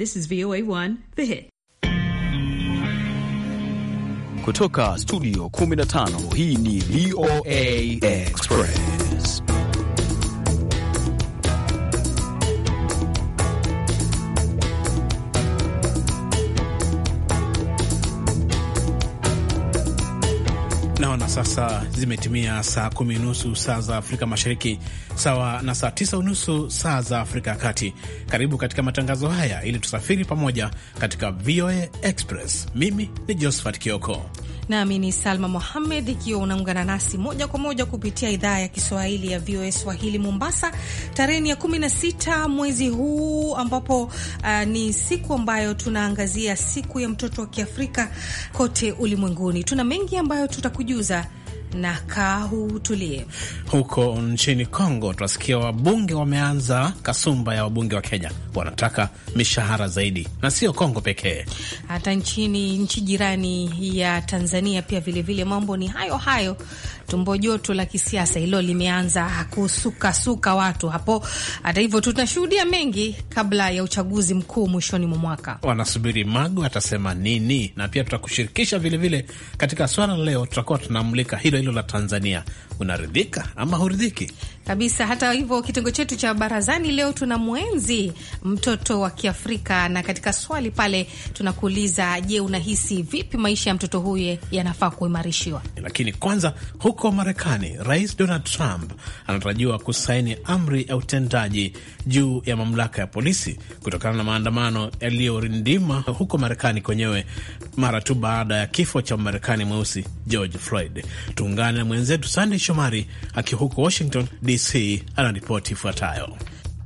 This is VOA1 The Hit. Kutoka studio 15 hii ni VOA Express. sasa zimetimia saa kumi nusu saa za Afrika Mashariki, sawa na saa tisa unusu saa za Afrika ya Kati. Karibu katika matangazo haya ili tusafiri pamoja katika VOA Express. Mimi ni Josephat Kioko nami ni Salma Mohamed, ikiwa unaungana nasi moja kwa moja kupitia idhaa ya Kiswahili ya VOA Swahili Mombasa, tarehe ya 16 mwezi huu, ambapo uh, ni siku ambayo tunaangazia siku ya mtoto wa Kiafrika kote ulimwenguni. Tuna mengi ambayo tutakujuza na tulie Huko nchini Kongo tunasikia wabunge wameanza kasumba ya wabunge wa Kenya, wanataka mishahara zaidi, na sio Kongo pekee, hata nchini nchi jirani ya Tanzania pia vilevile vile mambo ni hayo hayo tumbo joto la kisiasa hilo limeanza kusukasuka watu hapo. Hata hivyo, tunashuhudia mengi kabla ya uchaguzi mkuu mwishoni mwa mwaka. Wanasubiri Magu atasema nini, na pia tutakushirikisha vilevile katika swala leo. Tutakuwa tunamulika hilo hilo la Tanzania. Unaridhika ama huridhiki? kabisa. Hata hivyo kitengo chetu cha barazani leo tuna mwenzi mtoto wa Kiafrika, na katika swali pale tunakuuliza, je, unahisi vipi maisha ya mtoto huyu yanafaa kuimarishiwa? Lakini kwanza, huko Marekani, Rais Donald Trump anatarajiwa kusaini amri ya utendaji juu ya mamlaka ya polisi kutokana na maandamano yaliyorindima huko Marekani kwenyewe mara tu baada ya kifo cha Marekani mweusi George Floyd. Tuungane na mwenzetu Sandey Shomari akiwa huko Washington DC anaripoti ifuatayo.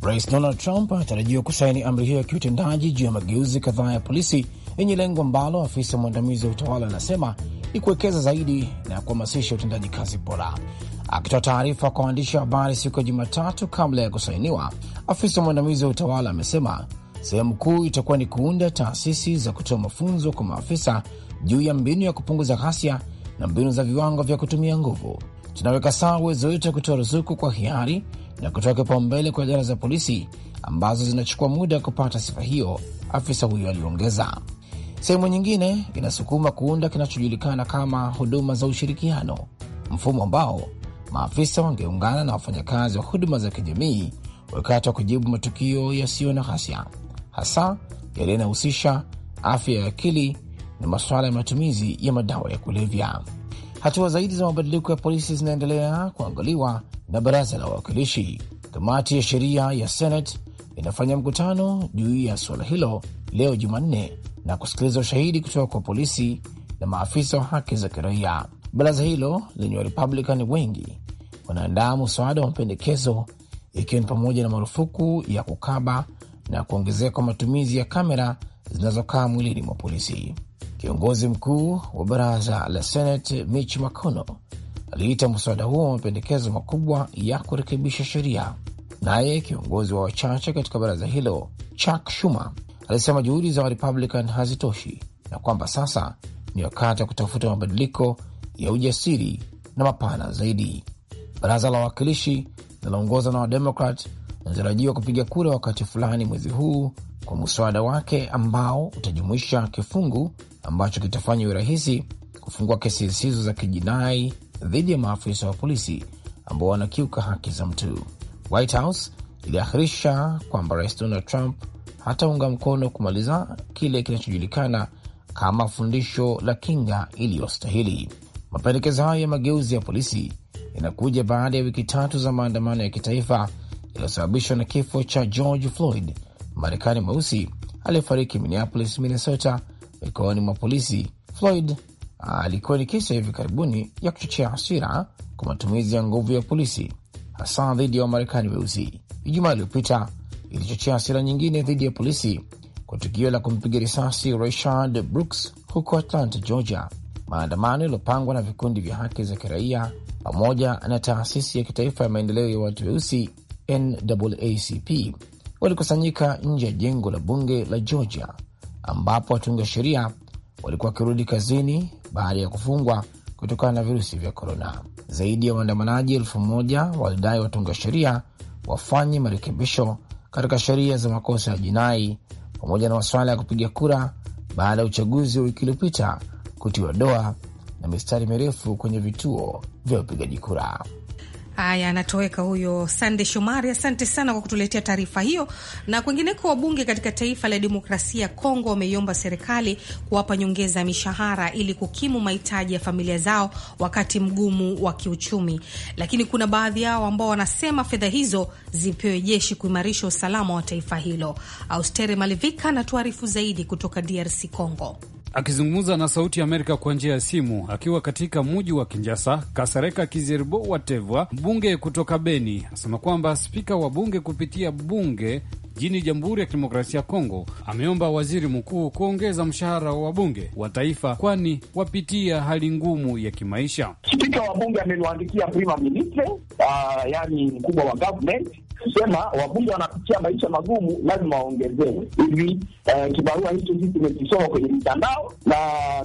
Rais Donald Trump anatarajiwa kusaini amri hiyo ya kiutendaji juu ya mageuzi kadhaa ya polisi yenye lengo ambalo afisa mwandamizi wa utawala anasema ni kuwekeza zaidi na kuhamasisha utendaji kazi bora. Akitoa taarifa kwa waandishi wa habari siku ya Jumatatu kabla ya kusainiwa, afisa mwandamizi wa utawala amesema sehemu kuu itakuwa ni kuunda taasisi za kutoa mafunzo kwa maafisa juu ya mbinu ya kupunguza ghasia na mbinu za viwango vya kutumia nguvu tunaweka sawa uwezo wetu wa kutoa ruzuku kwa hiari na kutoa kipaumbele kwa idara za polisi ambazo zinachukua muda kupata sifa hiyo, afisa huyo aliongeza. Sehemu nyingine inasukuma kuunda kinachojulikana kama huduma za ushirikiano, mfumo ambao maafisa wangeungana na wafanyakazi wa huduma za kijamii wakati wa kujibu matukio yasiyo na ghasia, hasa yale yanayohusisha afya ya akili na masuala ya matumizi ya madawa ya kulevya. Hatua zaidi za mabadiliko ya polisi zinaendelea kuangaliwa na baraza la wawakilishi. Kamati ya sheria ya Senate inafanya mkutano juu ya suala hilo leo Jumanne na kusikiliza ushahidi kutoka kwa polisi na maafisa wa haki za kiraia. Baraza hilo lenye Warepublican wengi wanaandaa mswada wa mapendekezo, ikiwa ni pamoja na marufuku ya kukaba na kuongezeka kwa matumizi ya kamera zinazokaa mwilini mwa polisi. Kiongozi mkuu wa baraza la Senate Mitch McConnell aliita mswada huo wa mapendekezo makubwa ya kurekebisha sheria. Naye kiongozi wa wachache katika baraza hilo Chuck Schumer alisema juhudi za Warepublican hazitoshi na kwamba sasa ni wakati wa kutafuta mabadiliko ya ujasiri na mapana zaidi. Baraza la wawakilishi linaloongozwa na Wademokrat inatarajiwa kupiga kura wakati fulani mwezi huu kwa muswada wake ambao utajumuisha kifungu ambacho kitafanya urahisi kufungua kesi zisizo za kijinai dhidi ya maafisa wa polisi ambao wanakiuka haki za mtu. White House iliahirisha kwamba Rais Donald Trump hataunga mkono kumaliza kile kinachojulikana kama fundisho la kinga iliyostahili. Mapendekezo hayo ya mageuzi ya polisi yanakuja baada ya wiki tatu za maandamano ya kitaifa iliyosababishwa na kifo cha George Floyd, Marekani mweusi aliyefariki Minneapolis, Minnesota, mikononi mwa polisi. Floyd alikuwa ni kisa hivi karibuni ya kuchochea hasira kwa matumizi ya nguvu ya polisi, hasa dhidi ya Wamarekani weusi. Ijumaa iliyopita ilichochea hasira nyingine dhidi ya polisi kwa tukio la kumpiga risasi Rayshard Brooks huko Atlanta, Georgia, maandamano yaliyopangwa na vikundi vya haki za kiraia pamoja na taasisi ya kitaifa ya maendeleo ya watu weusi NAACP walikusanyika nje ya jengo la bunge la Georgia ambapo watunga sheria walikuwa wakirudi kazini baada ya kufungwa kutokana na virusi vya korona. Zaidi ya waandamanaji elfu moja walidai watunga sheria wafanye marekebisho katika sheria za makosa ya jinai pamoja na masuala ya kupiga kura baada ya uchaguzi wa wiki iliyopita kutiwa doa na mistari mirefu kwenye vituo vya upigaji kura. Haya, anatoweka huyo Sande Shomari. Asante sana kwa kutuletea taarifa hiyo. Na kwingineko, wabunge katika taifa la demokrasia ya Kongo wameiomba serikali kuwapa nyongeza ya mishahara ili kukimu mahitaji ya familia zao wakati mgumu wa kiuchumi, lakini kuna baadhi yao ambao wanasema fedha hizo zipewe jeshi kuimarisha usalama wa taifa hilo. Austere Malivika anatuarifu zaidi kutoka DRC Kongo. Akizungumza na Sauti ya Amerika kwa njia ya simu akiwa katika muji wa Kinjasa, kasareka Kizerbo Watevwa, mbunge kutoka Beni, asema kwamba spika wa bunge kupitia bunge jini Jamhuri ya Kidemokrasia ya Kongo ameomba waziri mkuu kuongeza mshahara wa wabunge wa taifa, kwani wapitia hali ngumu ya kimaisha. Spika wa bunge ameniandikia prima ministre, uh, yani mkubwa wa government kusema wabunge wanapitia maisha magumu, lazima waongezewe hivi. Eh, kibarua hicho hii tumekisoma kwenye mitandao na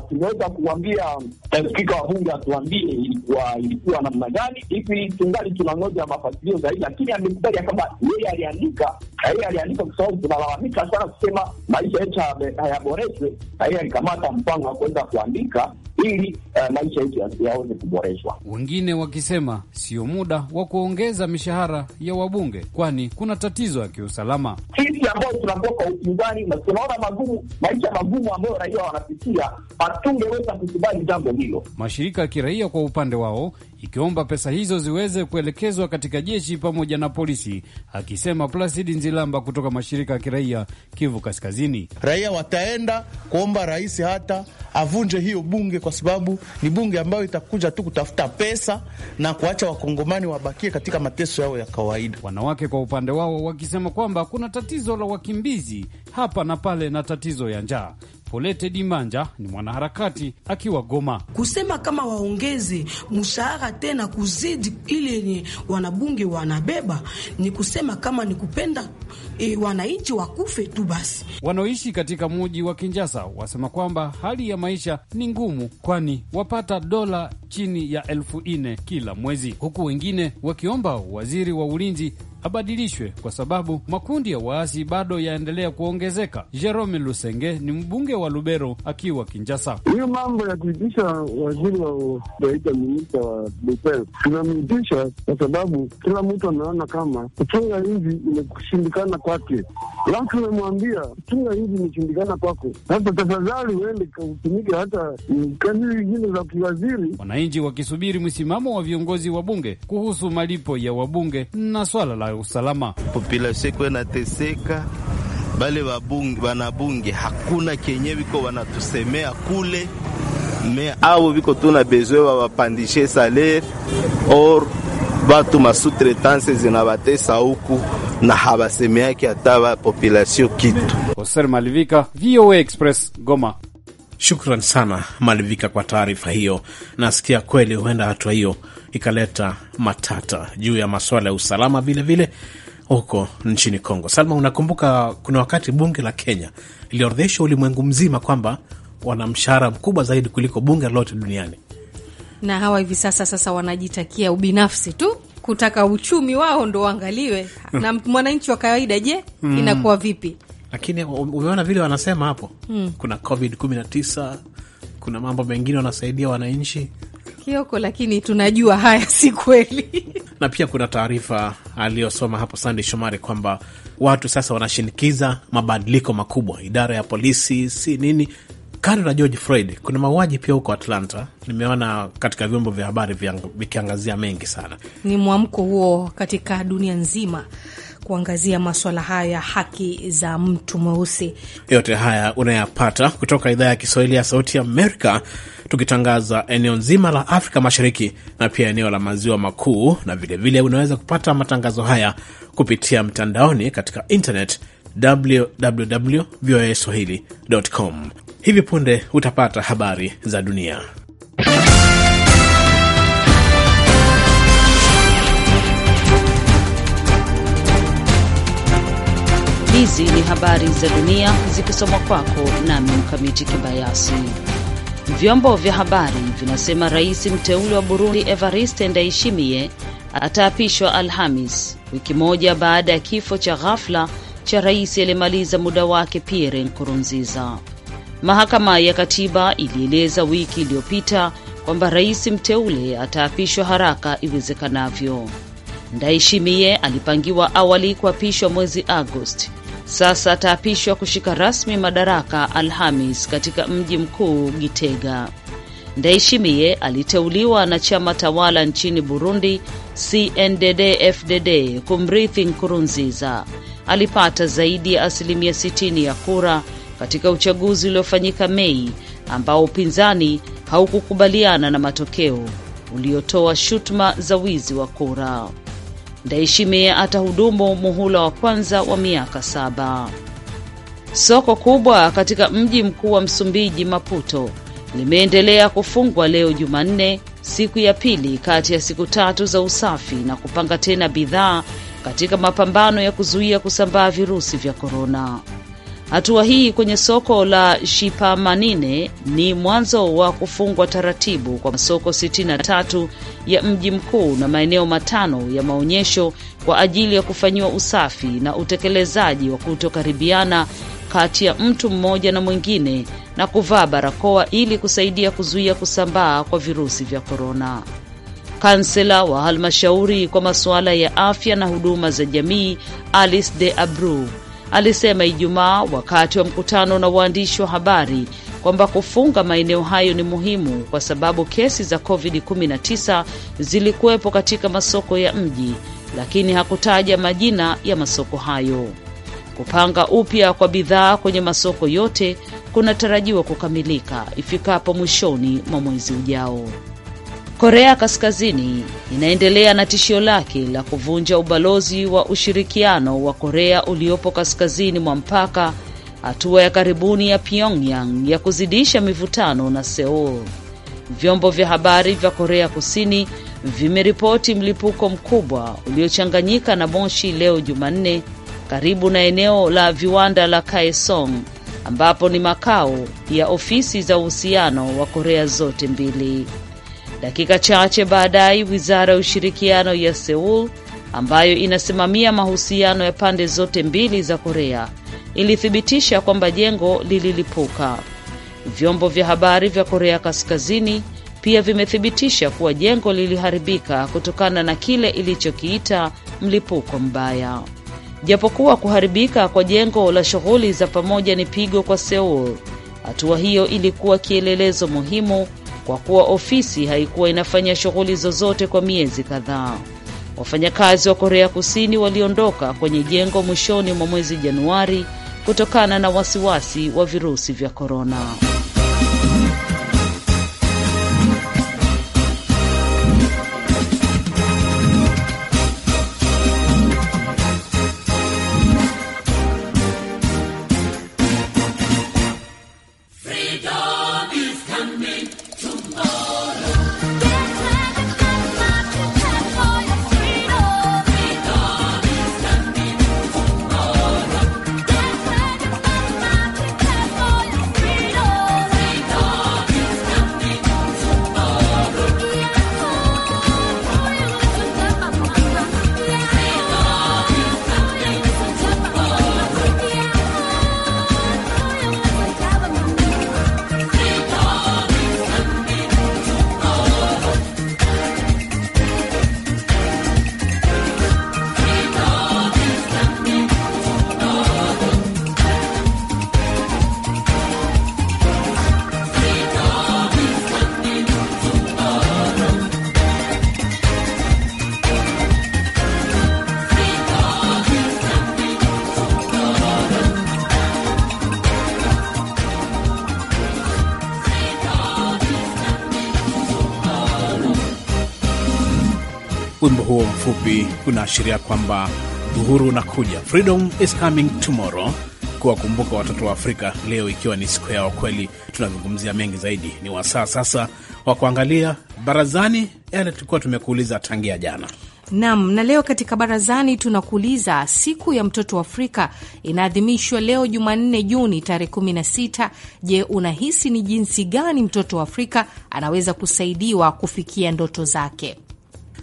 tumeweza kuwambia eh, spika wa bunge atuambie ilikuwa ilikuwa namna gani. Hivi tungali tunangoja mafasilio zaidi, lakini amekubali ya kwamba yeye aliandika, eh, yeye aliandika kwa sababu tunalalamika sana kusema maisha yetu hayaboreshwe, na yeye alikamata mpango wa kuweza kuandika ili eh, maisha yetu yaweze kuboreshwa, wengine wakisema sio muda wa kuongeza mishahara ya wabunge kwani kuna tatizo ya kiusalama. Sisi ambao tunakuwa kwa upinzani na tunaona magumu, maisha magumu ambayo raia wanapitia, hatungeweza kukubali jambo hilo. Mashirika ya kiraia kwa upande wao ikiomba pesa hizo ziweze kuelekezwa katika jeshi pamoja na polisi, akisema Placid Nzilamba kutoka mashirika ya kiraia Kivu Kaskazini. Raia wataenda kuomba rais hata avunje hiyo bunge, kwa sababu ni bunge ambayo itakuja tu kutafuta pesa na kuacha wakongomani wabakie katika mateso yao ya kawaida. Wanawa Wanawake kwa upande wao wakisema kwamba kuna tatizo la wakimbizi hapa na pale na tatizo ya njaa. Polete Dimanja ni mwanaharakati akiwa Goma. Kusema kama waongeze mshahara tena kuzidi ile yenye wanabunge wanabeba, ni kusema kama ni kupenda e, wananchi wakufe tu basi. Wanaoishi katika muji wa Kinjasa wasema kwamba hali ya maisha ni ngumu, kwani wapata dola chini ya elfu nne kila mwezi, huku wengine wakiomba waziri wa ulinzi abadilishwe kwa sababu makundi ya waasi bado yaendelea kuongezeka. Jerome Lusenge ni mbunge wa Lubero akiwa Kinjasa. Hiyo mambo ya kuitisha waziri wa naita minista wa Lubero tunamwitisha kwa sababu kila mtu anaona kama kuchunga hivi imekushindikana kwake, lafu tumemwambia kuchunga hivi imeshindikana kwako, sasa tafadhali uende kautumike hata kazi zingine za kiwaziri. Wananchi wakisubiri msimamo wa viongozi wa bunge kuhusu malipo ya wabunge na swala la usalama, populasi inateseka bale wanabunge hakuna kenye viko wanatusemea kule me abo viko tuna bezwe wawapandishe salaire or batu masutretanse zinabatesa huku na habasemeake hata ba population kitu. Oser Malivika, VOA Express, Goma. Shukran sana Malivika kwa taarifa hiyo. Nasikia kweli huenda hatua hiyo ikaleta matata juu ya masuala ya usalama vilevile vile huko nchini Kongo. Salma, unakumbuka kuna wakati bunge la Kenya liliorodheshwa ulimwengu mzima kwamba wana mshahara mkubwa zaidi kuliko bunge lolote duniani, na hawa hivi sasa sasa wanajitakia ubinafsi tu kutaka uchumi wao ndo uangaliwe hmm. na mwananchi wa kawaida. Je, hmm. inakuwa vipi? Lakini umeona vile wanasema hapo mm. kuna Covid 19 kuna mambo mengine wanasaidia wananchi Kioko, lakini tunajua haya si kweli. na pia kuna taarifa aliyosoma hapo Sandey Shomari kwamba watu sasa wanashinikiza mabadiliko makubwa idara ya polisi, si nini kando na George Floyd kuna mauaji pia huko Atlanta, nimeona katika vyombo vya habari vikiangazia mengi sana. Ni mwamko huo katika dunia nzima kuangazia maswala haya ya haki za mtu mweusi. Yote haya unayapata kutoka idhaa ya Kiswahili ya Sauti ya Amerika, tukitangaza eneo nzima la Afrika Mashariki na pia eneo la Maziwa Makuu, na vilevile unaweza kupata matangazo haya kupitia mtandaoni katika internet wwwvoa voa Hivi punde utapata habari za dunia. Hizi ni habari za dunia zikisomwa kwako nami Mkamiti Kibayasi. Vyombo vya habari vinasema rais mteule wa Burundi Evariste Ndayishimiye ataapishwa Alhamis, wiki moja baada ya kifo cha ghafla cha rais aliyemaliza muda wake Pierre Nkurunziza. Mahakama ya Katiba ilieleza wiki iliyopita kwamba rais mteule ataapishwa haraka iwezekanavyo. Ndayishimiye alipangiwa awali kuapishwa mwezi Agosti, sasa ataapishwa kushika rasmi madaraka Alhamis katika mji mkuu Gitega. Ndayishimiye aliteuliwa na chama tawala nchini Burundi CNDD-FDD kumrithi Nkurunziza. Alipata zaidi ya asilimia 60 ya kura katika uchaguzi uliofanyika Mei ambao upinzani haukukubaliana na matokeo uliotoa shutuma za wizi wa kura. Ndayishimiye atahudumu muhula wa kwanza wa miaka saba. Soko kubwa katika mji mkuu wa Msumbiji, Maputo, limeendelea kufungwa leo Jumanne, siku ya pili kati ya siku tatu za usafi na kupanga tena bidhaa katika mapambano ya kuzuia kusambaa virusi vya korona. Hatua hii kwenye soko la Shipamanine ni mwanzo wa kufungwa taratibu kwa masoko 63 ya mji mkuu na maeneo matano ya maonyesho kwa ajili ya kufanyiwa usafi na utekelezaji wa kutokaribiana kati ya mtu mmoja na mwingine na kuvaa barakoa ili kusaidia kuzuia kusambaa kwa virusi vya korona. Kansela wa halmashauri kwa masuala ya afya na huduma za jamii Alice de Abreu alisema Ijumaa wakati wa mkutano na waandishi wa habari kwamba kufunga maeneo hayo ni muhimu kwa sababu kesi za COVID-19 zilikuwepo katika masoko ya mji, lakini hakutaja majina ya masoko hayo. Kupanga upya kwa bidhaa kwenye masoko yote kunatarajiwa kukamilika ifikapo mwishoni mwa mwezi ujao. Korea Kaskazini inaendelea na tishio lake la kuvunja ubalozi wa ushirikiano wa Korea uliopo kaskazini mwa mpaka, hatua ya karibuni ya Pyongyang ya kuzidisha mivutano na Seoul. Vyombo vya habari vya Korea Kusini vimeripoti mlipuko mkubwa uliochanganyika na moshi leo Jumanne karibu na eneo la viwanda la Kaesong ambapo ni makao ya ofisi za uhusiano wa Korea zote mbili. Dakika chache baadaye, wizara ya ushirikiano ya Seoul ambayo inasimamia mahusiano ya pande zote mbili za Korea ilithibitisha kwamba jengo lililipuka. Vyombo vya habari vya Korea Kaskazini pia vimethibitisha kuwa jengo liliharibika kutokana na kile ilichokiita mlipuko mbaya. Japokuwa kuharibika kwa jengo la shughuli za pamoja ni pigo kwa Seoul, hatua hiyo ilikuwa kielelezo muhimu kwa kuwa ofisi haikuwa inafanya shughuli zozote kwa miezi kadhaa. Wafanyakazi wa Korea Kusini waliondoka kwenye jengo mwishoni mwa mwezi Januari kutokana na wasiwasi wa virusi vya korona. Wimbo huo mfupi unaashiria kwamba uhuru unakuja, freedom is coming tomorrow, kuwakumbuka watoto wa Afrika leo ikiwa ni siku yao. Kweli tunazungumzia mengi zaidi, ni wasaa sasa wa kuangalia barazani, yale tulikuwa tumekuuliza tangia jana. Nam, na leo katika barazani tunakuuliza, siku ya mtoto wa Afrika inaadhimishwa leo Jumanne, Juni tarehe 16. Je, unahisi ni jinsi gani mtoto wa Afrika anaweza kusaidiwa kufikia ndoto zake?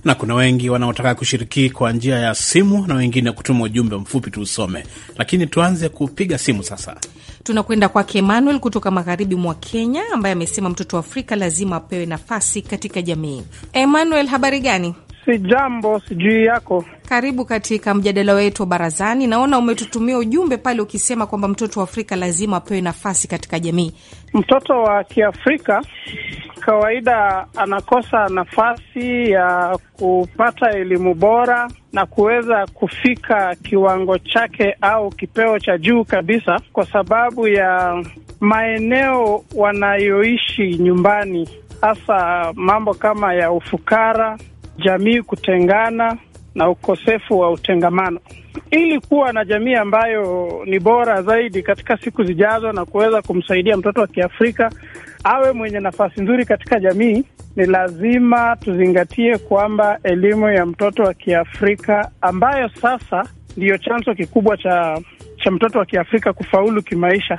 na kuna wengi wanaotaka kushiriki kwa njia ya simu na wengine kutuma ujumbe mfupi tuusome, lakini tuanze kupiga simu sasa. Tunakwenda kwake Emmanuel kutoka magharibi mwa Kenya, ambaye amesema mtoto wa Afrika lazima apewe nafasi katika jamii. Emmanuel, habari gani? Si jambo, sijui yako. Karibu katika mjadala wetu wa barazani. Naona umetutumia ujumbe pale ukisema kwamba mtoto wa Afrika lazima apewe nafasi katika jamii. Mtoto wa Kiafrika kawaida anakosa nafasi ya kupata elimu bora na kuweza kufika kiwango chake au kipeo cha juu kabisa kwa sababu ya maeneo wanayoishi nyumbani, hasa mambo kama ya ufukara, jamii kutengana na ukosefu wa utengamano. Ili kuwa na jamii ambayo ni bora zaidi katika siku zijazo na kuweza kumsaidia mtoto wa Kiafrika awe mwenye nafasi nzuri katika jamii, ni lazima tuzingatie kwamba elimu ya mtoto wa Kiafrika ambayo sasa ndiyo chanzo kikubwa cha cha mtoto wa Kiafrika kufaulu kimaisha,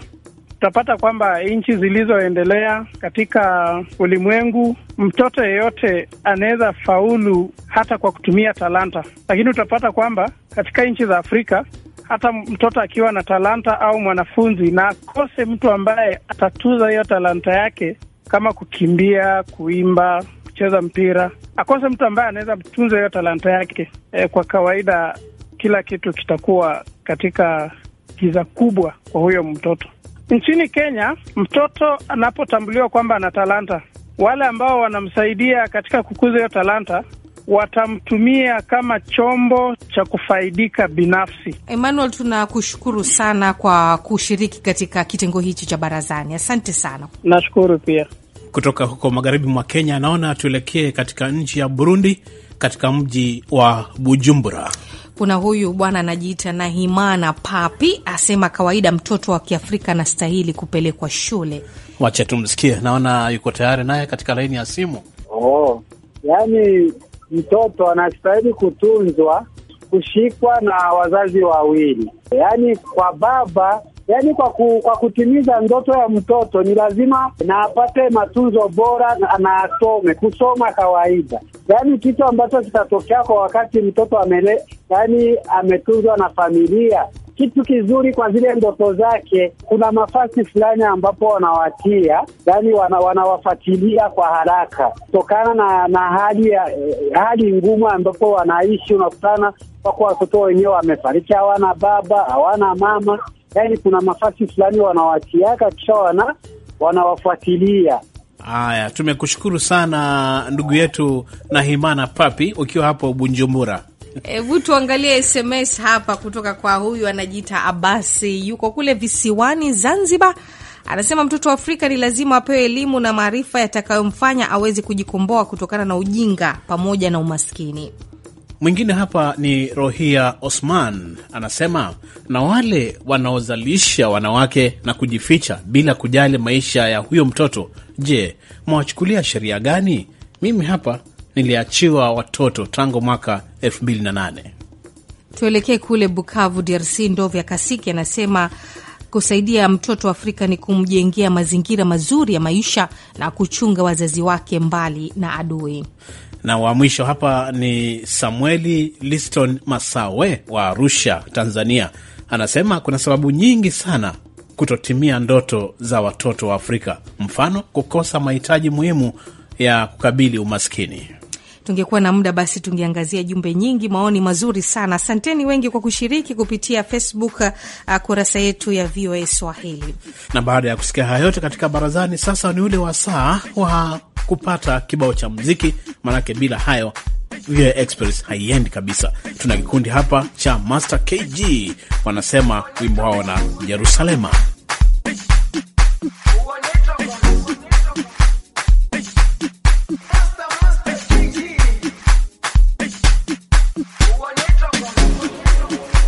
tutapata kwamba nchi zilizoendelea katika ulimwengu, mtoto yeyote anaweza faulu hata kwa kutumia talanta, lakini utapata kwamba katika nchi za Afrika hata mtoto akiwa na talanta au mwanafunzi, na akose mtu ambaye atatuza hiyo talanta yake, kama kukimbia, kuimba, kucheza mpira, akose mtu ambaye anaweza kutunza hiyo talanta yake e, kwa kawaida kila kitu kitakuwa katika giza kubwa kwa huyo mtoto. Nchini Kenya, mtoto anapotambuliwa kwamba ana talanta, wale ambao wanamsaidia katika kukuza hiyo talanta watamtumia kama chombo cha kufaidika binafsi. Emmanuel, tunakushukuru sana kwa kushiriki katika kitengo hichi cha barazani. Asante sana. Nashukuru pia. Kutoka huko magharibi mwa Kenya, naona tuelekee katika nchi ya Burundi, katika mji wa Bujumbura. Kuna huyu bwana anajiita Nahimana Papi, asema kawaida mtoto wa Kiafrika anastahili kupelekwa shule. Wacha tumsikie, naona yuko tayari naye katika laini ya simu. Oh, yani mtoto anastahili kutunzwa, kushikwa na wazazi wawili, yaani kwa baba yaani kwa, ku, kwa kutimiza ndoto ya mtoto ni lazima na apate matunzo bora na asome kusoma kawaida, yaani kitu ambacho kitatokea kwa wakati mtoto amele, yaani ametunzwa na familia kitu kizuri kwa zile ndoto zake. Kuna nafasi fulani ambapo wanawatia, yani wana, wanawafuatilia kwa haraka kutokana na, na hali ya hali ngumu ambapo wanaishi. Unakutana wako watoto wenyewe wamefariki, hawana baba, hawana mama, yani kuna nafasi fulani wanawatiaka, kisha wana wanawafuatilia. Haya, tumekushukuru sana ndugu yetu Nahimana Papi, ukiwa hapo bunjumbura Hebu tuangalie SMS hapa kutoka kwa huyu anajiita Abasi, yuko kule visiwani Zanzibar. Anasema mtoto wa Afrika ni lazima apewe elimu na maarifa yatakayomfanya aweze kujikomboa kutokana na ujinga pamoja na umaskini. Mwingine hapa ni Rohia Osman, anasema na wale wanaozalisha wanawake na kujificha bila kujali maisha ya huyo mtoto, je, mwawachukulia sheria gani? Mimi hapa niliachiwa watoto tangu mwaka 2008. Tuelekee kule Bukavu, DRC. Ndovya Kasiki anasema kusaidia mtoto wa Afrika ni kumjengea mazingira mazuri ya maisha na kuchunga wazazi wake mbali na adui. Na wa mwisho hapa ni Samueli Liston Masawe wa Arusha, Tanzania, anasema kuna sababu nyingi sana kutotimia ndoto za watoto wa Afrika, mfano kukosa mahitaji muhimu ya kukabili umaskini. Tungekuwa na muda basi tungeangazia jumbe nyingi, maoni mazuri sana. Asanteni wengi kwa kushiriki kupitia Facebook uh, kurasa yetu ya VOA Swahili. Na baada ya kusikia haya yote katika barazani, sasa ni ule wasaa wa kupata kibao cha mziki maanake bila hayo VOA Express haiendi kabisa. Tuna kikundi hapa cha Master KG, wanasema wimbo wao na Jerusalema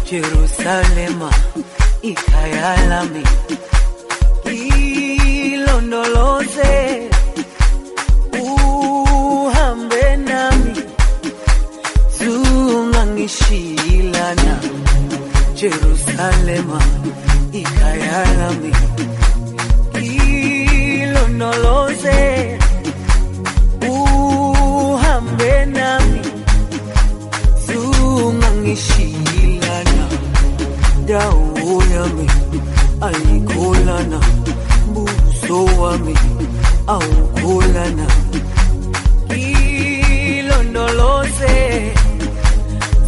Jerusalema ikayalami ilondoloze uhambe nami zungangishilana Jerusalema ikayalami ilondoloze uhambe nami zungangishilana madau yami alikolana buso wami aukolana ilondoloze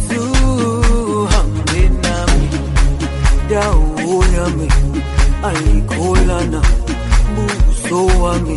zuhambe nami dau yami alikolana buso wami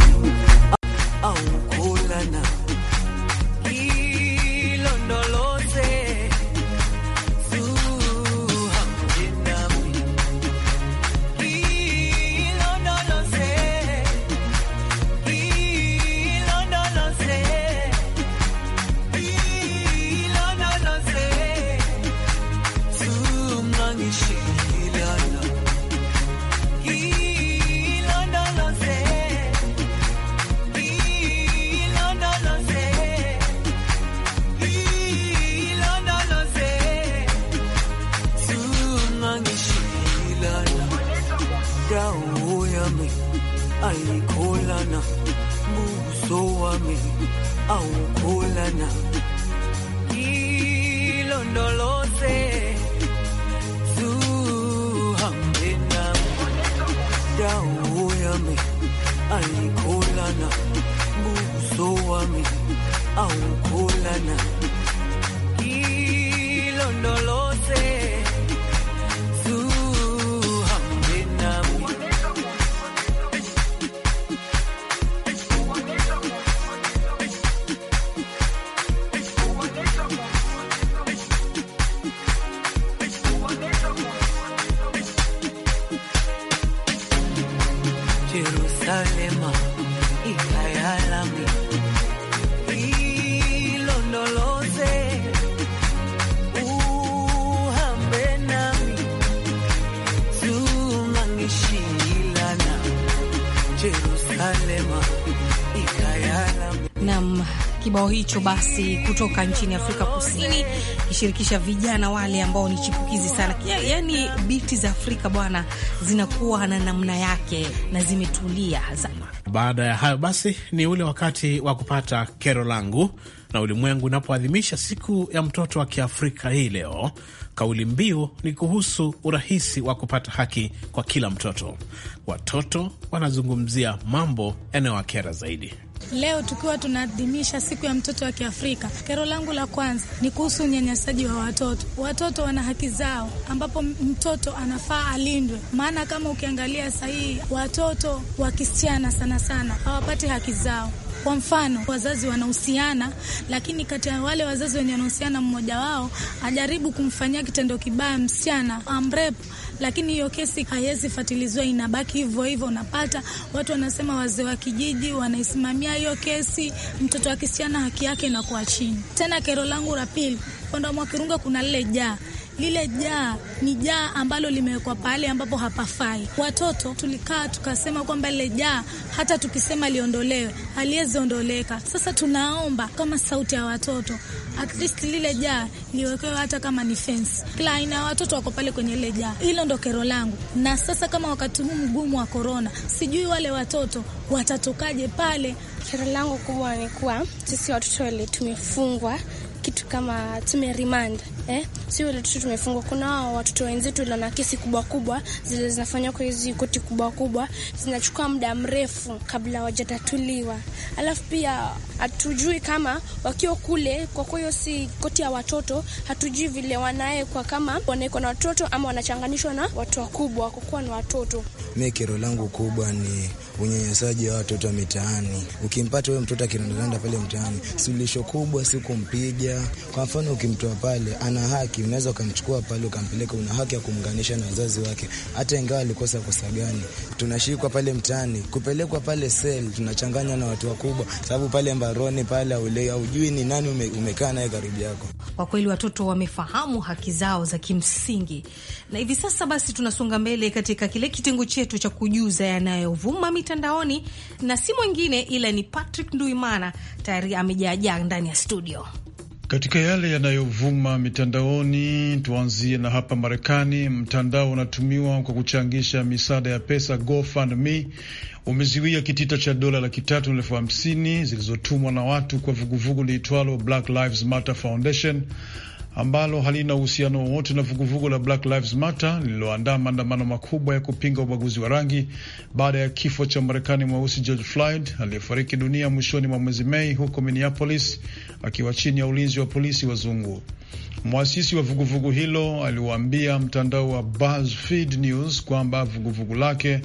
hicho basi kutoka nchini Afrika Kusini kishirikisha vijana wale ambao ni chipukizi sana. Yaani biti za Afrika bwana zinakuwa na namna yake na zimetulia hazama. Baada ya hayo basi ni ule wakati wa kupata kero langu na ulimwengu unapoadhimisha siku ya mtoto wa Kiafrika hii leo, kauli mbiu ni kuhusu urahisi wa kupata haki kwa kila mtoto. Watoto wanazungumzia mambo yanayowakera zaidi. Leo tukiwa tunaadhimisha siku ya mtoto wa Kiafrika, kero langu la kwanza ni kuhusu unyanyasaji wa watoto. Watoto wana haki zao, ambapo mtoto anafaa alindwe, maana kama ukiangalia sahihi, watoto wa kisichana sana sana hawapati haki zao. Kwa mfano wazazi wanahusiana, lakini kati ya wale wazazi wenye wanahusiana, mmoja wao ajaribu kumfanyia kitendo kibaya msichana amrepo lakini hiyo kesi haiwezi fatilizwa, inabaki hivyo hivyo. Unapata watu wanasema, wazee wa kijiji wanaisimamia hiyo kesi, mtoto wa kisichana haki yake inakuwa chini. Tena kero langu la pili Upande mwa kirunga kuna lile jaa lile jaa ni jaa ambalo limewekwa pale ambapo hapafai. Watoto tulikaa tukasema kwamba lile jaa hata tukisema liondolewe haliwezi ondoleka. Sasa tunaomba kama sauti ya watoto, at least lile jaa liwekewe hata kama ni fence. Kila aina ya watoto wako pale kwenye lile jaa. Hilo ndo kero langu. Na sasa kama wakati huu mgumu wa korona, sijui wale watoto watatokaje pale. Kero langu kubwa ni kuwa sisi watoto wale tumefungwa kitu kama tume remand eh, si wale tu tumefungwa. Kuna watoto wenzetu walio na kesi kubwa kubwa, zile zinafanywa kwa hizi koti kubwa kubwa, zinachukua muda mrefu kabla wajatatuliwa. Alafu pia hatujui kama wakiwa kule, kwa kuwa hiyo si koti ya watoto, hatujui vile wanaekwa, kama wanaekwa na watoto ama wanachanganishwa na watu wakubwa, kwa kuwa ni watoto. Mi kero langu kubwa ni unyanyasaji wa watoto mitaani. Ukimpata huyo mtoto akirandaranda pale mtaani, sulisho kubwa si kumpiga. Kwa mfano, ukimtoa pale ana ana haki, unaweza ukamchukua pale ukampeleka, una haki ya kumnganisha na wazazi wake, hata ingawa alikosa kosa gani. Tunashikwa pale mtaani, kupelekwa pale sel, tunachanganywa na watu wakubwa, sababu pale mbaroni pale aulei, haujui ni nani ume, umekaa naye karibu yako. Kwa kweli watoto wamefahamu haki zao za kimsingi, na hivi sasa basi tunasonga mbele katika kile kitengo chetu cha kujuza yanayovuma mitandaoni, na si mwingine ila ni Patrick Nduimana, tayari amejaajaa ndani ya studio. Katika yale yanayovuma mitandaoni, tuanzie na hapa Marekani. Mtandao unatumiwa kwa kuchangisha misaada ya pesa GoFundMe umeziwia kitita cha dola laki tatu elfu hamsini zilizotumwa na watu kwa vuguvugu liitwalo Black Lives Matter Foundation ambalo halina uhusiano wowote na vuguvugu la Black Lives Matter lililoandaa maandamano makubwa ya kupinga ubaguzi wa rangi baada ya kifo cha Marekani mweusi George Floyd aliyefariki dunia mwishoni mwa mwezi Mei huko Minneapolis akiwa chini ya ulinzi wa polisi wazungu. Mwasisi wa vuguvugu hilo aliwaambia mtandao wa BuzzFeed News kwamba vuguvugu lake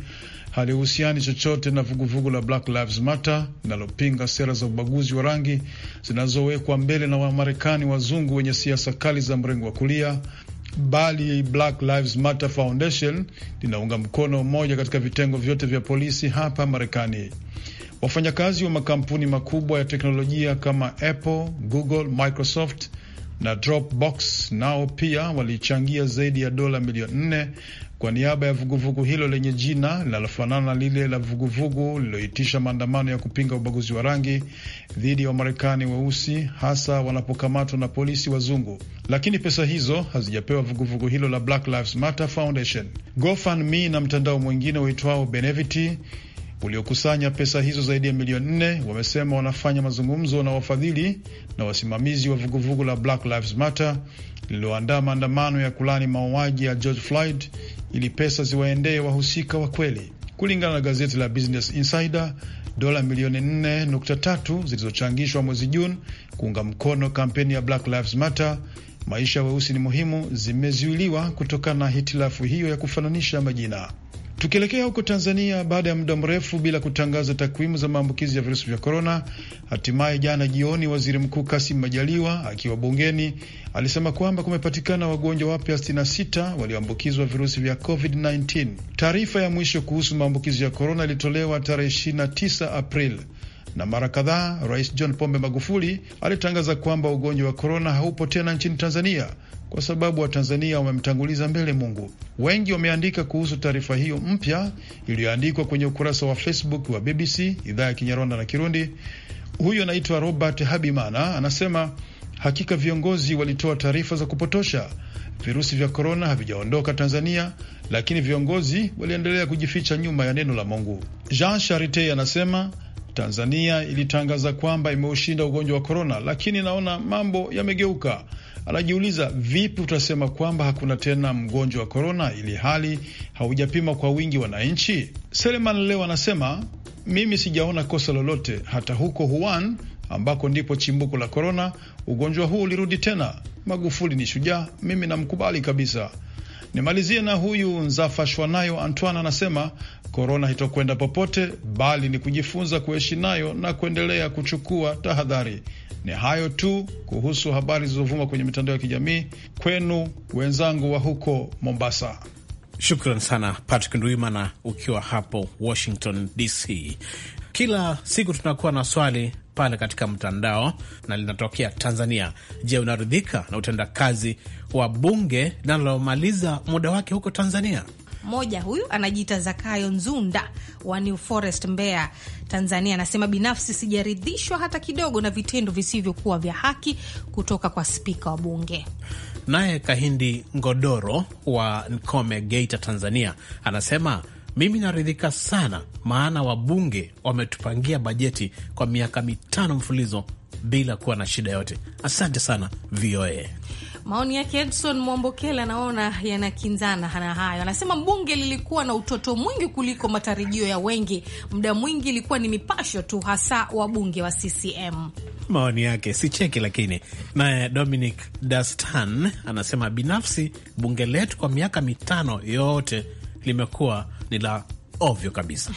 halihusiani chochote na vuguvugu la Black Lives Matter linalopinga sera za ubaguzi wa rangi zinazowekwa mbele na Wamarekani wazungu wenye siasa kali za mrengo wa kulia, bali Black Lives Matter Foundation linaunga mkono umoja katika vitengo vyote vya polisi hapa Marekani. Wafanyakazi wa makampuni makubwa ya teknolojia kama Apple, Google, Microsoft na Dropbox nao pia walichangia zaidi ya dola milioni nne kwa niaba ya vuguvugu hilo lenye jina linalofanana na lile la vuguvugu lililoitisha maandamano ya kupinga ubaguzi wa rangi dhidi ya Wamarekani weusi hasa wanapokamatwa na polisi wazungu, lakini pesa hizo hazijapewa vuguvugu hilo la Black Lives Matter Foundation. GoFundMe na mtandao mwingine uitwao Benevity uliokusanya pesa hizo zaidi ya milioni nne wamesema wanafanya mazungumzo na wafadhili na wasimamizi wa vuguvugu la Black Lives Matter lililoandaa maandamano ya kulani mauaji ya George Floyd ili pesa ziwaendee wahusika wa kweli. Kulingana na gazeti la Business Insider, dola milioni 4.3 zilizochangishwa mwezi Juni kuunga mkono kampeni ya Black Lives Matter, maisha weusi ni muhimu, zimezuiliwa kutokana na hitilafu hiyo ya kufananisha majina. Tukielekea huko Tanzania, baada ya muda mrefu bila kutangaza takwimu za maambukizi ya virusi vya korona, hatimaye jana jioni, waziri mkuu Kasim Majaliwa akiwa bungeni alisema kwamba kumepatikana wagonjwa wapya 66 walioambukizwa virusi vya COVID-19. Taarifa ya mwisho kuhusu maambukizi ya korona ilitolewa tarehe 29 Aprili na mara kadhaa Rais John Pombe Magufuli alitangaza kwamba ugonjwa wa korona haupo tena nchini Tanzania kwa sababu Watanzania wamemtanguliza mbele Mungu. Wengi wameandika kuhusu taarifa hiyo mpya iliyoandikwa kwenye ukurasa wa Facebook wa BBC idhaa ya Kinyarwanda na Kirundi. Huyu anaitwa Robert Habimana, anasema hakika viongozi walitoa taarifa za kupotosha. Virusi vya korona havijaondoka Tanzania, lakini viongozi waliendelea kujificha nyuma ya neno la Mungu. Jean Charite anasema Tanzania ilitangaza kwamba imeushinda ugonjwa wa korona, lakini naona mambo yamegeuka. Anajiuliza, vipi utasema kwamba hakuna tena mgonjwa wa korona ili hali haujapima kwa wingi wananchi? Seleman leo anasema mimi sijaona kosa lolote. Hata huko Wuhan ambako ndipo chimbuko la korona, ugonjwa huu ulirudi tena. Magufuli ni shujaa, mimi namkubali kabisa. Nimalizie na huyu nayo Antoine anasema korona itokwenda popote, bali ni kujifunza kuishi nayo na kuendelea kuchukua tahadhari. Ni hayo tu kuhusu habari zilizovuma kwenye mitandao ya kijamii. Kwenu wenzangu wa huko Mombasa. Shukran sana Patrick Ndwimana, ukiwa hapo Washington DC. Kila siku tunakuwa na swali pale katika mtandao na linatokea Tanzania. Je, unaridhika na utendakazi wa bunge linalomaliza muda wake huko Tanzania? Mmoja huyu anajiita Zakayo Nzunda wa New Forest, Mbeya, Tanzania, anasema binafsi sijaridhishwa hata kidogo na vitendo visivyokuwa vya haki kutoka kwa spika wa bunge. Naye Kahindi Ngodoro wa Nkome, Geita, Tanzania, anasema mimi naridhika sana, maana wabunge wametupangia bajeti kwa miaka mitano mfulizo bila kuwa na shida yote. Asante sana VOA. Maoni yake Edson Mwambokela anaona yanakinzana na hayo. Anasema bunge lilikuwa na utoto mwingi kuliko matarajio ya wengi. Muda mwingi ilikuwa ni mipasho tu, hasa wabunge wa CCM. Maoni yake si cheki. Lakini naye Dominic Dastan anasema binafsi, bunge letu kwa miaka mitano yote limekuwa ni la ovyo kabisa.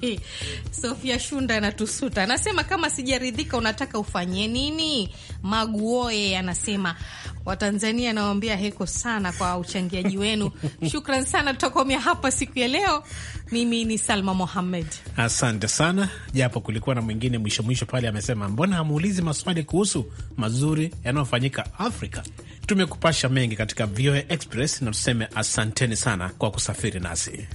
Sofia Shunda anatusuta, anasema kama sijaridhika, unataka ufanye nini? Maguoe anasema Watanzania nawaambia heko sana kwa uchangiaji wenu. Shukran sana, tutakomea hapa siku ya leo. Mimi ni Salma Mohamed, asante sana, japo kulikuwa na mwingine mwisho mwisho pale amesema, mbona hamuulizi maswali kuhusu mazuri yanayofanyika Afrika? Tumekupasha mengi katika VOA Express na tuseme asanteni sana kwa kusafiri nasi.